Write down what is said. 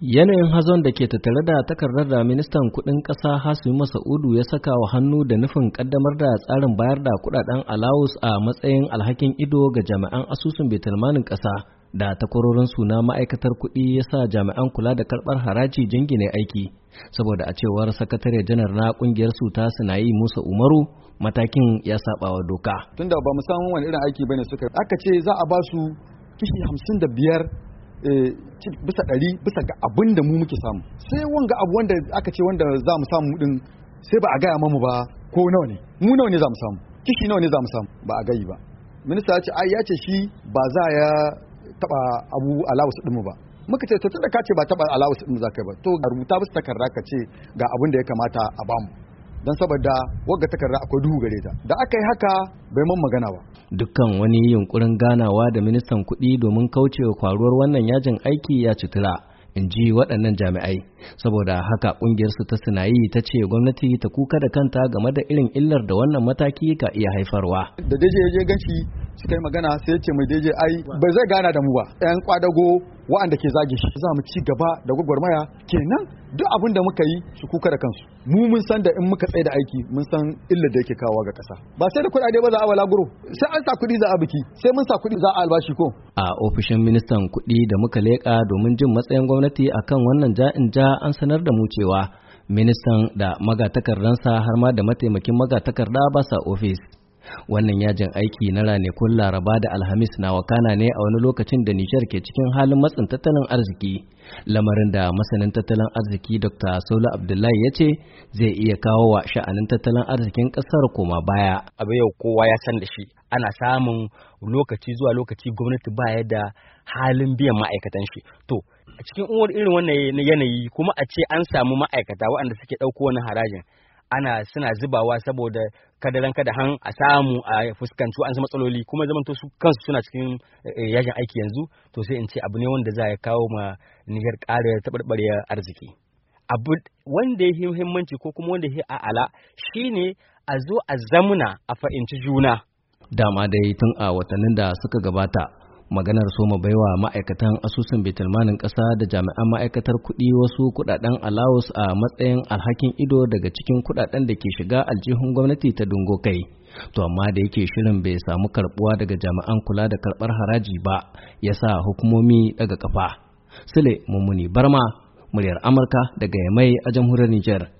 Yanayin hazon da ke tattare da takardar da ministan kuɗin ƙasa Hasimu Masa'udu ya saka wa hannu da nufin kaddamar da tsarin bayar da kudaden alawus a matsayin alhakin ido ga jami'an asusun betulmanin ƙasa da takwarorin suna ma'aikatar kuɗi ya sa jami'an kula da karɓar haraji jingine aiki saboda a cewar sakatare janar na ƙungiyar su ta sinayi Musa Umaru matakin ya saba wa doka. Tunda ba mu samu wani irin aiki bane suka aka ce za a ba su kishi hamsin da biyar eh, bisa ɗari bisa ga abin da mu muke samu sai wanga abu wanda aka ce wanda za mu samu din sai ba a gaya mamu ba ko nawa ne mu nawa ne za mu samu kishi nawa ne za mu samu ba a gayi ba minista ya ce ai ya ce shi ba za ya taba abu alawus din mu ba muka ce tunda ka ce ba taba alawus din mu za ka ba to rubuta bisa takarda ka ce ga abin da ya kamata a bamu don saboda wagga takarda akwai duhu gare ta da aka yi haka bai man magana ba dukkan wani yunkurin ganawa da ministan kuɗi domin kaucewa kwaruwar wannan yajin aiki ya citira in ji waɗannan jami'ai saboda haka ƙungiyarsu ta sinayi ta ce gwamnati ta kuka da kanta game da irin illar da wannan mataki ka iya haifarwa da daje je ganshi suka yi magana sai ce mai daidai ai ba zai gana da mu ba yan kwadago wa'anda ke zage shi za mu ci gaba da gwagwarmaya kenan duk abin da muka yi su kuka da kansu mu mun san da in muka tsaye da aiki mun san illa da yake kawo ga kasa ba sai da kuɗaɗe ba za a wala guro sai an sa kuɗi za a biki sai mun sa kuɗi za a albashi ko a ofishin ministan kuɗi da muka leƙa domin jin matsayin gwamnati akan wannan ja'in ja an sanar da mu cewa ministan da magatakardansa har ma da mataimakin magatakarda ba sa ofis wannan yajin aiki na ranakun laraba da alhamis na wakana ne a wani lokacin da nishar ke cikin halin matsin tattalin arziki lamarin da masanin tattalin arziki dr solo abdullahi ya ce zai iya kawo wa sha'anin tattalin arzikin kasar koma baya abu yau kowa ya san da shi ana samun lokaci zuwa lokaci gwamnati baya da halin biyan ma'aikatan shi to cikin irin wannan yanayi kuma a ce an samu ma'aikata waɗanda suke ɗauko wani harajin ana suna zubawa saboda kada kada han a samu a fuskanci an matsaloli kuma zaman su kansu suna cikin eh, eh, yajin aiki yanzu to sai in ce abu ne wanda za ya kawo ma niyyar ƙara taɓarɓarewar arziki abu wanda ya muhimmanci ko kuma wanda ya a'ala shine a zo a zamuna a fahimci juna dama dai tun a watannin da suka gabata maganar soma baiwa ma'aikatan asusun betulmanin ƙasa da jami'an ma'aikatar kuɗi wasu kuɗaɗen alawus a matsayin alhakin ido daga cikin kuɗaɗen da ke shiga aljihun gwamnati ta dungo kai to amma da yake shirin bai samu karɓuwa daga jami'an kula da karɓar haraji ba ya sa hukumomi daga kafa sule mummuni barma muryar amurka daga yamai a jamhuriyar Nijar.